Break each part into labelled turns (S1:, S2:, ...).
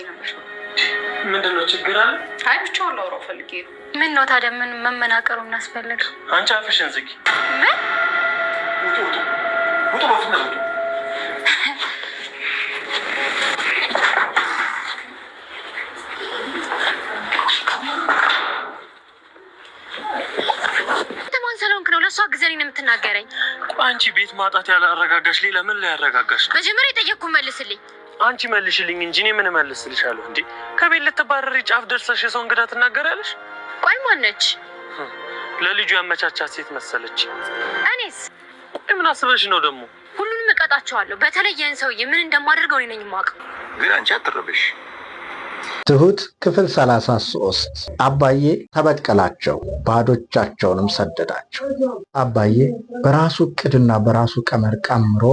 S1: ፈልጌ ነበር።
S2: ምንድን ነው ችግር አለ?
S1: አይ ብቻውን ላውራው ፈልጌ ነው። ምን ነው ታዲያ? ምን መመናቀሩ እናስፈለገ?
S2: አንቺ አፍሽን ዝጊ። ምን ውጡ፣ ውጡ፣ ውጡ፣ በፍጥነት
S1: ጊዜ ነው የምትናገረኝ
S2: አንቺ ቤት ማጣት ያላረጋጋሽ ሌላ ምን ላይ ያረጋጋሽ ነው?
S1: መጀመሪያ የጠየቅኩ መልስልኝ።
S2: አንቺ መልሽልኝ እንጂ እኔ ምን መልስልሻለሁ እንዴ? ከቤት ልትባረሪ ጫፍ ደርሰሽ የሰው እንግዳ ትናገራለሽ። ቆይ ማነች? ለልጁ ያመቻቻት ሴት መሰለች። እኔስ ቆይ ምን አስበሽ ነው ደግሞ?
S1: ሁሉንም እቀጣቸዋለሁ። በተለይ ይህን ሰውዬ ምን እንደማደርገው እኔ ነኝ የማውቀው።
S2: ግን አንቺ አትረበሽ
S3: ትሁት ክፍል 33 አባዬ ተበቀላቸው ባዶቻቸውንም ሰደዳቸው። አባዬ በራሱ እቅድና በራሱ ቀመር ቀምሮ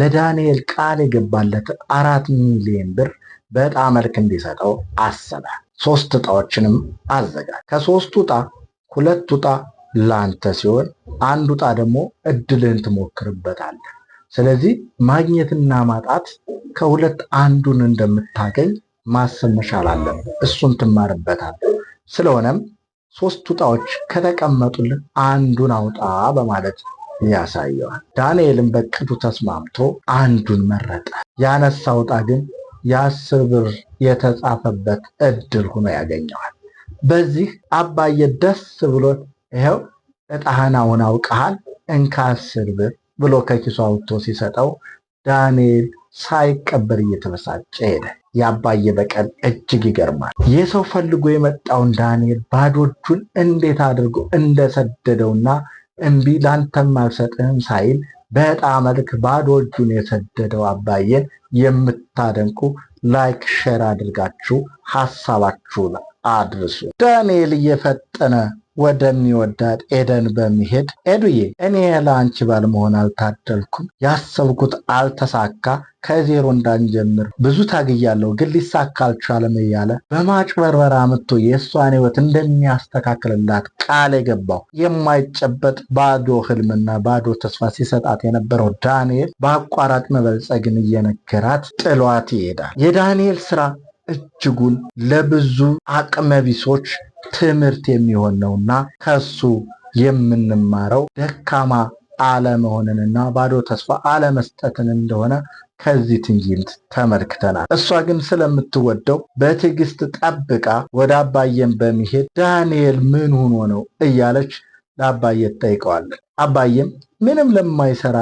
S3: ለዳንኤል ቃል የገባለት አራት ሚሊዮን ብር በዕጣ መልክ እንዲሰጠው አሰበ። ሶስት ዕጣዎችንም አዘጋጅ። ከሶስቱ ዕጣ ሁለቱ ዕጣ ላንተ ሲሆን አንዱ ዕጣ ደግሞ እድልን ትሞክርበታለህ። ስለዚህ ማግኘትና ማጣት ከሁለት አንዱን እንደምታገኝ ማሰብ መቻል አለብን። እሱን ትማርበታል። ስለሆነም ሶስቱ ዕጣዎች ከተቀመጡልን አንዱን አውጣ በማለት ያሳየዋል። ዳንኤልም በቅዱ ተስማምቶ አንዱን መረጠ። ያነሳው ዕጣ ግን የአስር ብር የተጻፈበት እድል ሆኖ ያገኘዋል። በዚህ አባዬ ደስ ብሎት ይኸው ዕጣህን አሁን አውቀሃል እንካ አስር ብር ብሎ ከኪሱ አውጥቶ ሲሰጠው ዳንኤል ሳይቀበል እየተበሳጨ ሄደ። የአባየ በቀል እጅግ ይገርማል። የሰው ፈልጎ የመጣውን ዳንኤል ባዶ እጁን እንዴት አድርጎ እንደሰደደውና እምቢ ላንተም አልሰጥህም ሳይል በዕጣ መልክ ባዶ እጁን የሰደደው አባየን የምታደንቁ ላይክ፣ ሼር አድርጋችሁ ሀሳባችሁን አድርሱ። ዳንኤል እየፈጠነ ወደሚወዳት ኤደን በሚሄድ ኤዱዬ፣ እኔ ለአንቺ ባል መሆን አልታደልኩም፣ ያሰብኩት አልተሳካ፣ ከዜሮ እንዳንጀምር ብዙ ታግያለሁ፣ ግን ሊሳካ አልቻለም እያለ በማጭበርበር አምጥቶ የእሷን ሕይወት እንደሚያስተካክልላት ቃል የገባው የማይጨበጥ ባዶ ህልምና ባዶ ተስፋ ሲሰጣት የነበረው ዳንኤል በአቋራጭ መበልጸግን እየነገራት ጥሏት ይሄዳል። የዳንኤል ስራ እጅጉን ለብዙ አቅመቢሶች ትምህርት የሚሆን ነውና ከሱ የምንማረው ደካማ አለመሆንንና ባዶ ተስፋ አለመስጠትን እንደሆነ ከዚህ ትዕይንት ተመልክተናል። እሷ ግን ስለምትወደው በትዕግስት ጠብቃ ወደ አባየን በሚሄድ ዳንኤል ምን ሆኖ ነው እያለች ለአባዬ ትጠይቀዋለች። አባዬም ምንም ለማይሰራ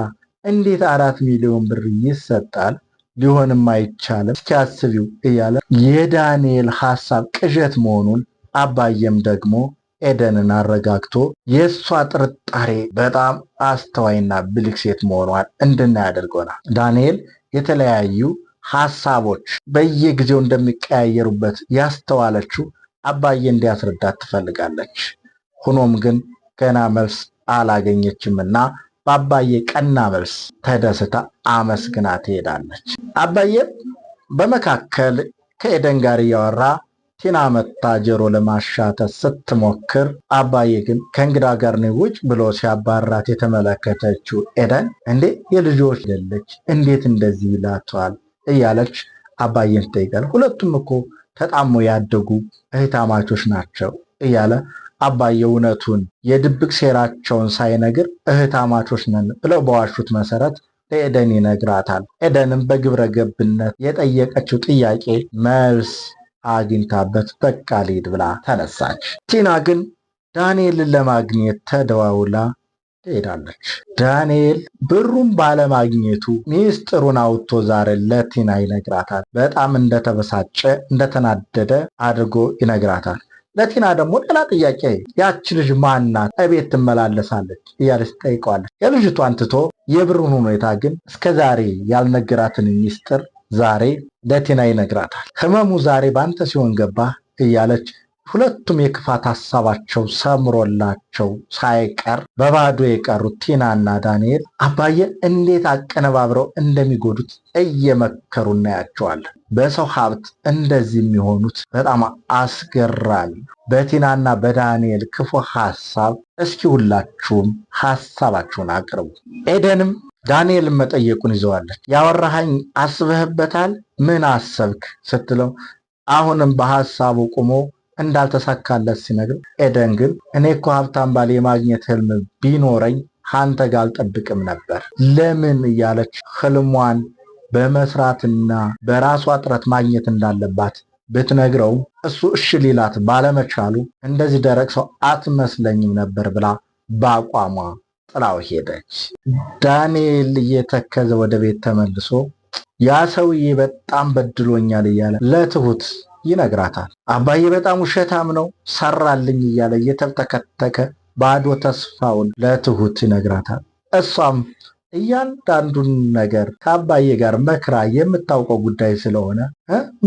S3: እንዴት አራት ሚሊዮን ብር ይሰጣል? ሊሆንም አይቻልም፣ አስቢው እያለ የዳንኤል ሀሳብ ቅዠት መሆኑን አባየም ደግሞ ኤደንን አረጋግቶ የእሷ ጥርጣሬ በጣም አስተዋይና ብልህ ሴት መሆኗን እንድናይ ያደርገናል። ዳንኤል የተለያዩ ሀሳቦች በየጊዜው እንደሚቀያየሩበት ያስተዋለችው አባዬ እንዲያስረዳት ትፈልጋለች። ሆኖም ግን ገና መልስ አላገኘችም እና በአባዬ ቀና መልስ ተደስታ አመስግና ትሄዳለች። አባዬም በመካከል ከኤደን ጋር እያወራ ቲና መታ ጆሮ ለማሻተት ስትሞክር አባዬ ግን ከእንግዳ ጋር ነው ውጭ ብሎ ሲያባራት የተመለከተችው ኤደን እንዴ የልጆች ደለች እንዴት እንደዚህ ይላቷል እያለች አባዬን ትጠይቃል። ሁለቱም እኮ ተጣሞ ያደጉ እህታማቾች ናቸው እያለ አባዬ እውነቱን የድብቅ ሴራቸውን ሳይነግር እህታማቾች ነን ብለው በዋሹት መሰረት ለኤደን ይነግራታል። ኤደንም በግብረ ገብነት የጠየቀችው ጥያቄ መልስ አግኝታበት በቃ ልሂድ ብላ ተነሳች። ቲና ግን ዳንኤልን ለማግኘት ተደዋውላ ትሄዳለች። ዳንኤል ብሩን ባለማግኘቱ ሚስጥሩን አውጥቶ ዛሬ ለቲና ይነግራታል። በጣም እንደተበሳጨ እንደተናደደ አድርጎ ይነግራታል። ለቲና ደግሞ ሌላ ጥያቄ ያች ልጅ ማናት? እቤት ትመላለሳለች እያለች ትጠይቀዋለች። የልጅቷን ትቶ የብሩን ሁኔታ ግን እስከዛሬ ያልነገራትን ሚስጥር ዛሬ ለቲና ይነግራታል። ህመሙ ዛሬ በአንተ ሲሆን ገባ እያለች ሁለቱም የክፋት ሀሳባቸው ሰምሮላቸው ሳይቀር በባዶ የቀሩት ቲናና ዳንኤል አባዬ እንዴት አቀነባብረው እንደሚጎዱት እየመከሩ እናያቸዋለን። በሰው ሀብት እንደዚህ የሚሆኑት በጣም አስገራሚ። በቲናና በዳንኤል ክፉ ሀሳብ እስኪ ሁላችሁም ሀሳባችሁን አቅርቡ። ኤደንም ዳንኤል መጠየቁን ይዘዋለች። ያወራሃኝ አስበህበታል? ምን አሰብክ ስትለው አሁንም በሐሳቡ ቁሞ እንዳልተሳካለት ሲነግር፣ ኤደን ግን እኔ እኮ ሀብታም ባል የማግኘት ህልም ቢኖረኝ አንተ ጋር አልጠብቅም ነበር ለምን እያለች ህልሟን በመስራትና በራሷ ጥረት ማግኘት እንዳለባት ብትነግረውም እሱ እሽ ሊላት ባለመቻሉ እንደዚህ ደረቅ ሰው አትመስለኝም ነበር ብላ በአቋሟ ጥላው ሄደች። ዳንኤል እየተከዘ ወደ ቤት ተመልሶ ያ ሰውዬ በጣም በድሎኛል እያለ ለትሁት ይነግራታል። አባዬ በጣም ውሸታም ነው ሰራልኝ እያለ እየተተከተከ ባዶ ተስፋውን ለትሁት ይነግራታል። እሷም እያንዳንዱን ነገር ከአባዬ ጋር መክራ የምታውቀው ጉዳይ ስለሆነ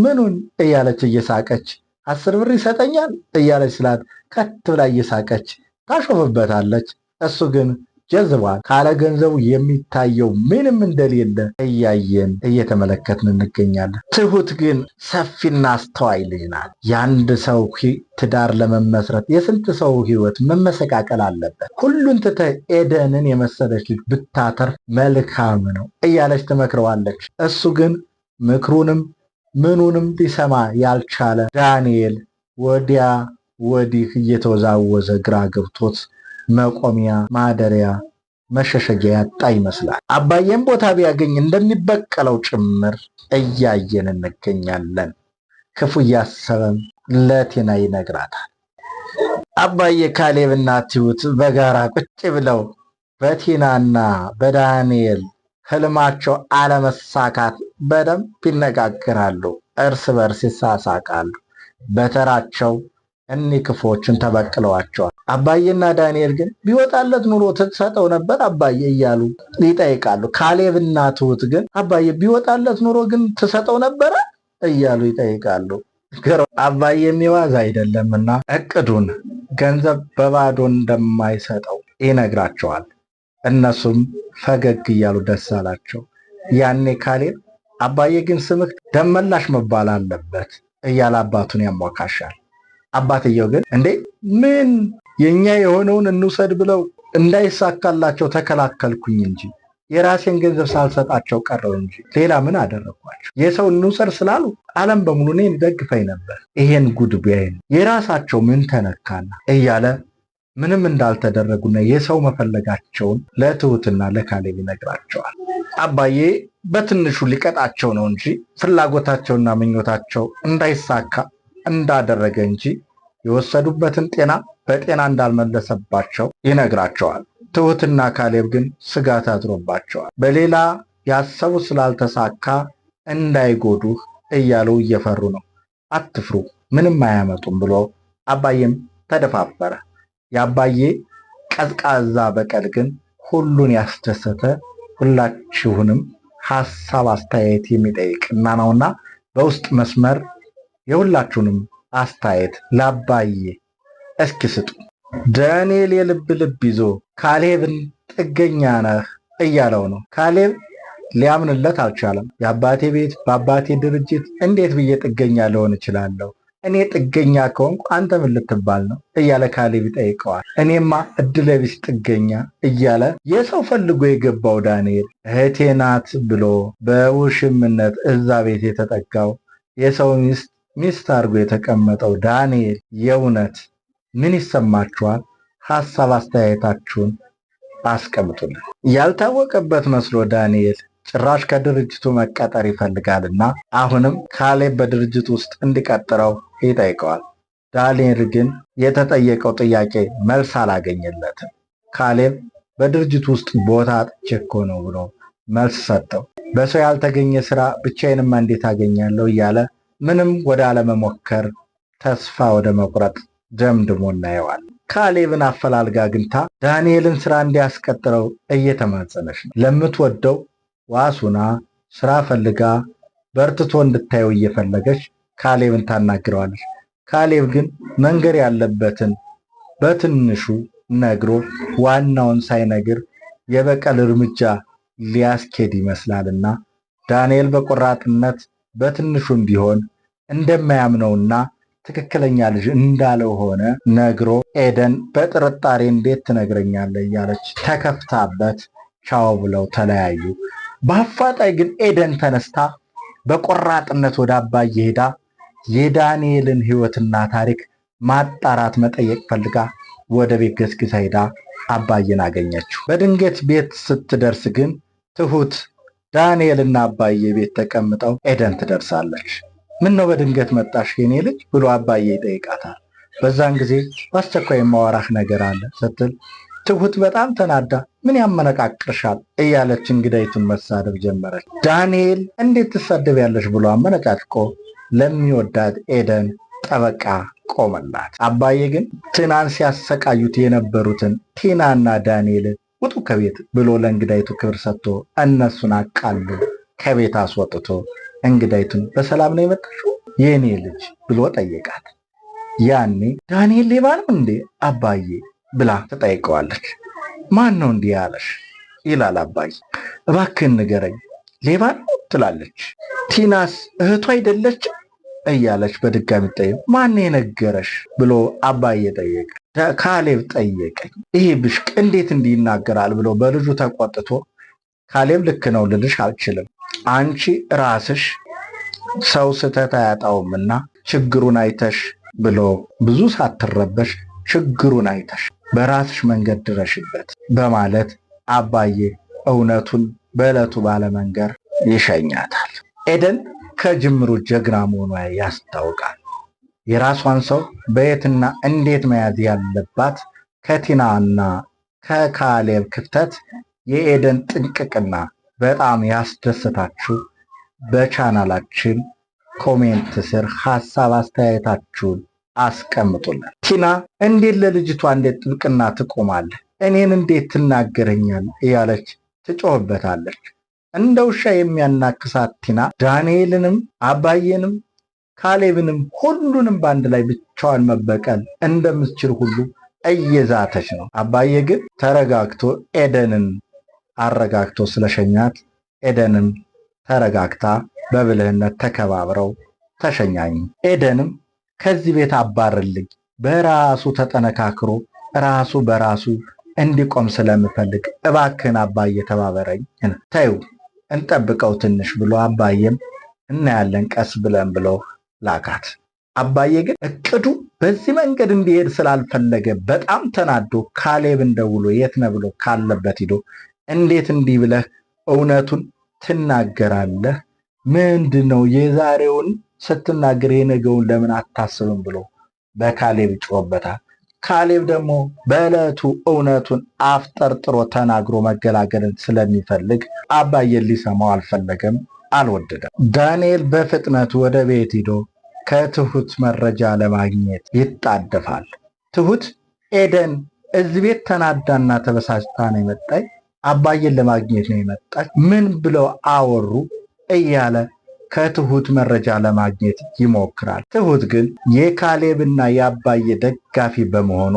S3: ምኑን እያለች እየሳቀች አስር ብር ይሰጠኛል እያለች ስላት ከት ብላ እየሳቀች ታሾፍበታለች። እሱ ግን ጀዝቧል። ካለ ገንዘቡ የሚታየው ምንም እንደሌለ እያየን እየተመለከትን እንገኛለን። ትሁት ግን ሰፊና አስተዋይ ልጅ ናት። የአንድ ሰው ትዳር ለመመስረት የስንት ሰው ህይወት መመሰቃቀል አለበት። ሁሉን ትተህ ኤደንን የመሰለች ልጅ ብታተርፍ መልካም ነው እያለች ትመክረዋለች። እሱ ግን ምክሩንም ምኑንም ሊሰማ ያልቻለ ዳንኤል ወዲያ ወዲህ እየተወዛወዘ ግራ ገብቶት መቆሚያ ማደሪያ መሸሸጊያ ያጣ ይመስላል። አባዬም ቦታ ቢያገኝ እንደሚበቀለው ጭምር እያየን እንገኛለን። ክፉ እያሰበም ለቴና ይነግራታል። አባዬ ካሌብና ትሁት በጋራ ቁጭ ብለው በቲናና በዳንኤል ህልማቸው አለመሳካት በደንብ ይነጋግራሉ። እርስ በርስ ይሳሳቃሉ። በተራቸው እኒህ ክፎችን ተበቅለዋቸዋል። አባዬና ዳንኤል ግን ቢወጣለት ኑሮ ትሰጠው ነበር አባዬ እያሉ ይጠይቃሉ። ካሌብና ትሁት ግን አባዬ ቢወጣለት ኑሮ ግን ትሰጠው ነበረ እያሉ ይጠይቃሉ። አባዬ የሚዋዝ አይደለምና እቅዱን ገንዘብ በባዶ እንደማይሰጠው ይነግራቸዋል። እነሱም ፈገግ እያሉ ደስ አላቸው። ያኔ ካሌብ አባዬ ግን ስምህ ደመላሽ መባል አለበት እያለ አባቱን ያሞካሻል። አባትየው ግን እንዴ ምን የእኛ የሆነውን እንውሰድ ብለው እንዳይሳካላቸው ተከላከልኩኝ እንጂ የራሴን ገንዘብ ሳልሰጣቸው ቀረው እንጂ ሌላ ምን አደረግኳቸው? የሰው እንውሰድ ስላሉ ዓለም በሙሉ እኔን ደግፈኝ ነበር። ይሄን ጉድ ቢያይ የራሳቸው ምን ተነካና እያለ ምንም እንዳልተደረጉና የሰው መፈለጋቸውን ለትሁትና ለካሌብ ይነግራቸዋል። አባዬ በትንሹ ሊቀጣቸው ነው እንጂ ፍላጎታቸውና ምኞታቸው እንዳይሳካ እንዳደረገ እንጂ የወሰዱበትን ጤና በጤና እንዳልመለሰባቸው ይነግራቸዋል። ትሁትና ካሌብ ግን ስጋት አድሮባቸዋል። በሌላ ያሰቡ ስላልተሳካ እንዳይጎዱህ እያሉ እየፈሩ ነው። አትፍሩ፣ ምንም አያመጡም ብሎ አባዬም ተደፋፈረ። የአባዬ ቀዝቃዛ በቀል ግን ሁሉን ያስደሰተ ሁላችሁንም ሀሳብ አስተያየት የሚጠይቅና ነውና በውስጥ መስመር የሁላችሁንም አስተያየት ላባዬ እስኪ ስጡ። ዳንኤል የልብ ልብ ይዞ ካሌብን ጥገኛ ነህ እያለው ነው። ካሌብ ሊያምንለት አልቻለም። የአባቴ ቤት በአባቴ ድርጅት እንዴት ብዬ ጥገኛ ልሆን እችላለሁ? እኔ ጥገኛ ከሆንኩ አንተ ምን ልትባል ነው? እያለ ካሌብ ይጠይቀዋል። እኔማ እድለቢስ ጥገኛ እያለ የሰው ፈልጎ የገባው ዳንኤል እህቴ ናት ብሎ በውሽምነት እዛ ቤት የተጠጋው የሰው ሚስት ሚስት አድርጎ የተቀመጠው ዳንኤል የእውነት ምን ይሰማችኋል? ሐሳብ አስተያየታችሁን አስቀምጡልን። ያልታወቀበት መስሎ ዳንኤል ጭራሽ ከድርጅቱ መቀጠር ይፈልጋልና አሁንም ካሌብ በድርጅት ውስጥ እንዲቀጥረው ይጠይቀዋል። ዳንኤል ግን የተጠየቀው ጥያቄ መልስ አላገኘለትም። ካሌብ በድርጅቱ ውስጥ ቦታ አጥቼ እኮ ነው ብሎ መልስ ሰጠው። በሰው ያልተገኘ ስራ ብቻዬንማ እንዴት አገኛለሁ እያለ ምንም ወደ አለመሞከር ተስፋ ወደ መቁረጥ ደምድሞ እናየዋል። ካሌብን አፈላልጋ ግንታ ዳንኤልን ስራ እንዲያስቀጥረው እየተማጸነች ነው። ለምትወደው ዋሱና ስራ ፈልጋ በርትቶ እንድታየው እየፈለገች ካሌብን ታናግረዋለች። ካሌብ ግን መንገር ያለበትን በትንሹ ነግሮ ዋናውን ሳይነግር የበቀል እርምጃ ሊያስኬድ ይመስላልና ዳንኤል በቆራጥነት በትንሹም ቢሆን እንደማያምነውና ትክክለኛ ልጅ እንዳለው ሆነ ነግሮ ኤደን በጥርጣሬ እንዴት ትነግረኛለ እያለች ተከፍታበት ቻው ብለው ተለያዩ። በአፋጣኝ ግን ኤደን ተነስታ በቆራጥነት ወደ አባዬ ሄዳ የዳንኤልን ሕይወትና ታሪክ ማጣራት መጠየቅ ፈልጋ ወደ ቤት ገስግሳ ሄዳ አባዬን አገኘችው። በድንገት ቤት ስትደርስ ግን ትሁት ዳንኤልና አባዬ ቤት ተቀምጠው ኤደን ትደርሳለች። ምን ነው በድንገት መጣሽ የኔ ልጅ ብሎ አባዬ ይጠይቃታል። በዛን ጊዜ በአስቸኳይ የማወራህ ነገር አለ ስትል ትሁት በጣም ተናዳ ምን ያመነቃቅርሻል እያለች እንግዳይቱን መሳደብ ጀመረች። ዳንኤል እንዴት ትሳደቢያለሽ ብሎ አመነጫጭቆ ለሚወዳት ኤደን ጠበቃ ቆመላት። አባዬ ግን ቲናን ሲያሰቃዩት የነበሩትን ቲናና ዳንኤልን ውጡ ከቤት ብሎ ለእንግዳይቱ ክብር ሰጥቶ እነሱን አቃሉ ከቤት አስወጥቶ እንግዳይቱን በሰላም ነው የመጣሽው የእኔ ልጅ ብሎ ጠየቃት። ያኔ ዳንኤል ሌባ ነው እንዴ አባዬ ብላ ትጠይቀዋለች። ማን ነው እንዲህ ያለሽ ይላል አባዬ። እባክህን ንገረኝ ሌባ ነው ትላለች። ቲናስ እህቱ አይደለችም እያለች በድጋሚ ጠየቅ። ማን የነገረሽ ብሎ አባዬ ጠየቀ። ካሌብ ጠየቀ። ይሄ ብሽቅ እንዴት እንዲህ ይናገራል ብሎ በልጁ ተቆጥቶ ካሌብ ልክ ነው ልልሽ አልችልም። አንቺ ራስሽ ሰው ስህተት አያጣውምና ችግሩን አይተሽ ብሎ ብዙ ሳትረበሽ ችግሩን አይተሽ በራስሽ መንገድ ድረሽበት በማለት አባዬ እውነቱን በዕለቱ ባለመንገር ይሸኛታል። ኤደን ከጅምሩ ጀግና መሆኗ ያስታውቃል። የራሷን ሰው በየትና እንዴት መያዝ ያለባት ከቲናና ከካሌብ ክፍተት የኤደን ጥንቅቅና በጣም ያስደሰታችሁ በቻናላችን ኮሜንት ስር ሀሳብ አስተያየታችሁን አስቀምጡልን። ቲና እንዴት ለልጅቷ እንዴት ጥብቅና ትቆማለ፣ እኔን እንዴት ትናገረኛል እያለች ትጮህበታለች። እንደ ውሻ የሚያናክሳት ቲና ዳንኤልንም አባዬንም ካሌብንም ሁሉንም በአንድ ላይ ብቻዋን መበቀል እንደምትችል ሁሉ እየዛተች ነው። አባዬ ግን ተረጋግቶ ኤደንን አረጋግቶ ስለሸኛት ኤደንም ተረጋግታ በብልህነት ተከባብረው ተሸኛኝ ኤደንም ከዚህ ቤት አባርልኝ በራሱ ተጠነካክሮ ራሱ በራሱ እንዲቆም ስለምፈልግ እባክህን አባዬ ተባበረኝ፣ ተይው እንጠብቀው ትንሽ ብሎ አባዬም እናያለን ቀስ ብለን ብሎ ላካት። አባዬ ግን እቅዱ በዚህ መንገድ እንዲሄድ ስላልፈለገ በጣም ተናዶ ካሌብ እንደውሎ የት ነ ብሎ ካለበት ሂዶ እንዴት እንዲህ ብለህ እውነቱን ትናገራለህ? ምንድን ነው የዛሬውን ስትናገር የነገውን ለምን አታስብም? ብሎ በካሌብ ጮኸበታል። ካሌብ ደግሞ በዕለቱ እውነቱን አፍጠርጥሮ ተናግሮ መገላገልን ስለሚፈልግ አባዬን ሊሰማው አልፈለገም። አልወደደም። ዳንኤል በፍጥነት ወደ ቤት ሂዶ ከትሁት መረጃ ለማግኘት ይጣደፋል። ትሁት ኤደን እዚህ ቤት ተናዳና ተበሳጭታ ነው የመጣች፣ አባዬን ለማግኘት ነው የመጣች፣ ምን ብለው አወሩ እያለ ከትሁት መረጃ ለማግኘት ይሞክራል። ትሁት ግን የካሌብና የአባዬ ደጋፊ በመሆኗ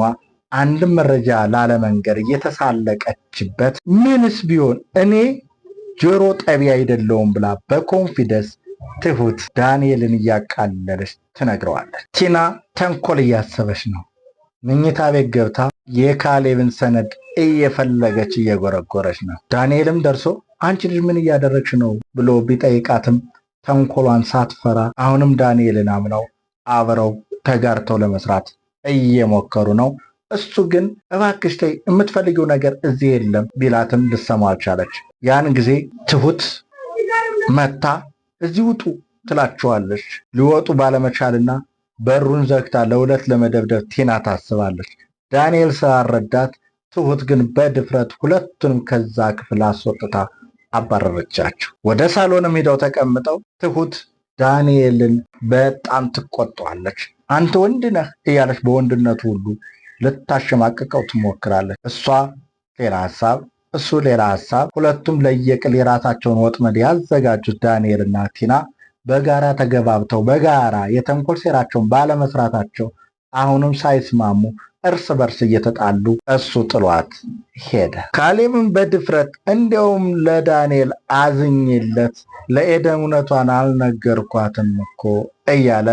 S3: አንድም መረጃ ላለመንገር እየተሳለቀችበት ምንስ ቢሆን እኔ ጆሮ ጠቢ አይደለውም ብላ በኮንፊደንስ ትሁት ዳንኤልን እያቃለለች ትነግረዋለች። ቲና ተንኮል እያሰበች ነው። ምኝታ ቤት ገብታ የካሌብን ሰነድ እየፈለገች እየጎረጎረች ነው። ዳንኤልም ደርሶ አንቺ ልጅ ምን እያደረግሽ ነው ብሎ ቢጠይቃትም ተንኮሏን ሳትፈራ አሁንም ዳንኤልን አምነው አብረው ተጋርተው ለመስራት እየሞከሩ ነው። እሱ ግን እባክሽ ተይ የምትፈልጊው ነገር እዚህ የለም ቢላትም ልሰማ አልቻለች። ያን ጊዜ ትሁት መታ እዚህ ውጡ ትላቸዋለች። ሊወጡ ባለመቻልና በሩን ዘግታ ለሁለት ለመደብደብ ቲና ታስባለች። ዳንኤል ስላረዳት ትሁት ግን በድፍረት ሁለቱንም ከዛ ክፍል አስወጥታ አባረረቻቸው። ወደ ሳሎንም ሄደው ተቀምጠው ትሁት ዳንኤልን በጣም ትቆጣዋለች። አንተ ወንድ ነህ እያለች በወንድነቱ ሁሉ ልታሸማቅቀው ትሞክራለች። እሷ ሌላ ሀሳብ፣ እሱ ሌላ ሀሳብ። ሁለቱም ለየቅል የራሳቸውን ወጥመድ ያዘጋጁት ዳንኤልና ቲና በጋራ ተገባብተው በጋራ የተንኮል ሴራቸውን ባለመስራታቸው አሁንም ሳይስማሙ እርስ በርስ እየተጣሉ እሱ ጥሏት ሄደ። ካሌብም በድፍረት እንዲያውም ለዳንኤል አዝኝለት ለኤደን እውነቷን አልነገርኳትም እኮ እያለ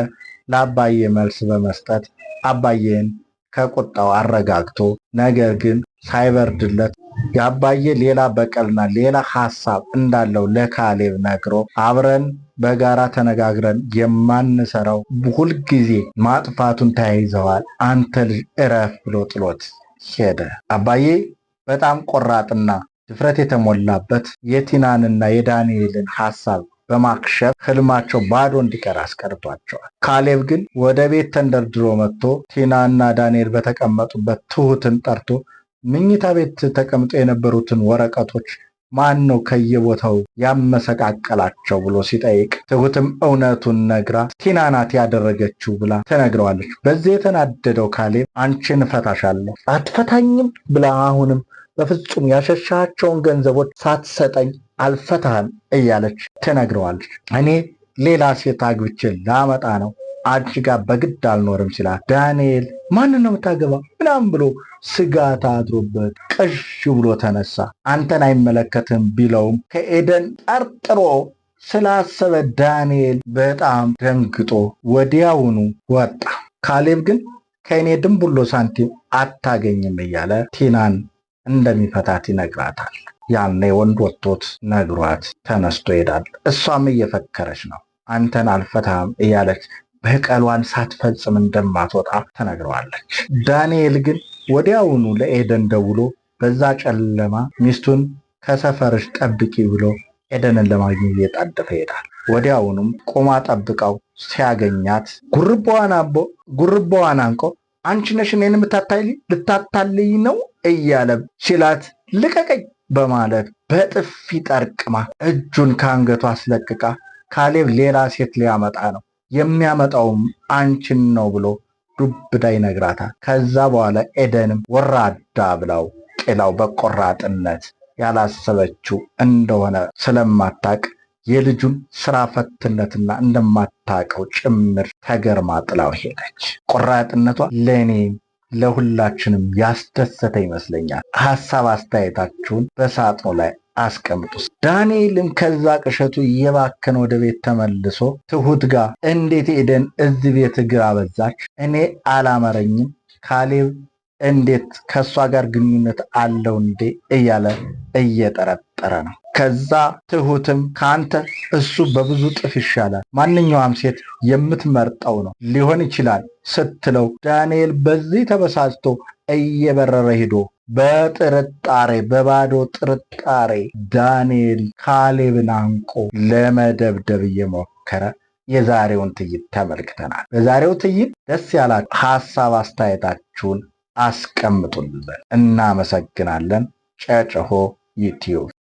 S3: ለአባዬ መልስ በመስጠት አባዬን ከቁጣው አረጋግቶ ነገር ግን ሳይበርድለት ያባዬ ሌላ በቀልና ሌላ ሐሳብ እንዳለው ለካሌብ ነግሮ አብረን በጋራ ተነጋግረን የማንሰራው ሁልጊዜ ማጥፋቱን ተያይዘዋል፣ አንተ ልጅ እረፍ ብሎ ጥሎት ሄደ። አባዬ በጣም ቆራጥና ድፍረት የተሞላበት የቲናንና የዳንኤልን ሐሳብ በማክሸፍ ህልማቸው ባዶ እንዲቀር አስቀርቷቸዋል። ካሌብ ግን ወደ ቤት ተንደርድሮ መጥቶ ቲናና ዳንኤል በተቀመጡበት ትሁትን ጠርቶ ምኝታ ቤት ተቀምጦ የነበሩትን ወረቀቶች ማን ነው ከየቦታው ያመሰቃቀላቸው ብሎ ሲጠይቅ ትሁትም እውነቱን ነግራ ቲና ናት ያደረገችው ብላ ተነግረዋለች። በዚህ የተናደደው ካሌብ አንቺን እፈታሻለሁ አትፈታኝም ብላ አሁንም በፍጹም ያሸሻቸውን ገንዘቦች ሳትሰጠኝ አልፈታህም እያለች ትነግረዋለች። እኔ ሌላ ሴት አግብቼ ላመጣ ነው አንቺ ጋር በግድ አልኖርም ሲላት ዳንኤል ማንን ነው የምታገባ ምናምን ብሎ ስጋት አድሮበት ቅዥ ብሎ ተነሳ። አንተን አይመለከትም ቢለውም ከኤደን ጠርጥሮ ስላሰበ ዳንኤል በጣም ደንግጦ ወዲያውኑ ወጣ። ካሌብ ግን ከእኔ ድንቡሎ ሳንቲም አታገኝም እያለ ቲናን እንደሚፈታት ይነግራታል። ያኔ ወንድ ወጥቶት ነግሯት ተነስቶ ይሄዳል። እሷም እየፈከረች ነው። አንተን አልፈታም እያለች በቀሏን ሳትፈጽም እንደማትወጣ ተነግረዋለች። ዳንኤል ግን ወዲያውኑ ለኤደን ደውሎ በዛ ጨለማ ሚስቱን ከሰፈርሽ ጠብቂ ብሎ ኤደንን ለማግኘት እየጣደፈ ይሄዳል። ወዲያውኑም ቁማ ጠብቀው ሲያገኛት ጉርቦዋን አንቆ አንቺ ነሽ እኔን የምታታልይ ልታታልይ ነው እያለ ሲላት ልቀቀኝ በማለት በጥፊ ጠርቅማ እጁን ከአንገቱ አስለቅቃ ካሌብ ሌላ ሴት ሊያመጣ ነው፣ የሚያመጣውም አንቺን ነው ብሎ ዱብዳ ይነግራታል። ከዛ በኋላ ኤደንም ወራዳ ብላው ቅላው በቆራጥነት ያላሰበችው እንደሆነ ስለማታቅ የልጁን ስራ ፈትነትና እንደማታቀው ጭምር ተገርማ ጥላው ሄደች። ቆራጥነቷ ለእኔ ለሁላችንም ያስደሰተ ይመስለኛል። ሀሳብ አስተያየታችሁን በሳጥኑ ላይ አስቀምጡ። ዳንኤልም ከዛ ቅሸቱ እየባከን ወደ ቤት ተመልሶ ትሁት ጋር እንዴት ኤደን እዚህ ቤት እግር አበዛች? እኔ አላመረኝም። ካሌብ እንዴት ከእሷ ጋር ግንኙነት አለው እንዴ እያለ እየጠረጠረ ነው። ከዛ ትሁትም ከአንተ እሱ በብዙ ጥፍ ይሻላል፣ ማንኛውም ሴት የምትመርጠው ነው ሊሆን ይችላል ስትለው፣ ዳንኤል በዚህ ተበሳጭቶ እየበረረ ሄዶ በጥርጣሬ በባዶ ጥርጣሬ ዳንኤል ካሌብን አንቆ ለመደብደብ እየሞከረ የዛሬውን ትዕይንት ተመልክተናል። በዛሬው ትዕይንት ደስ ያላችሁ ሀሳብ አስተያየታችሁን አስቀምጡልን። እናመሰግናለን። ጨጨሆ ዩቲዩብ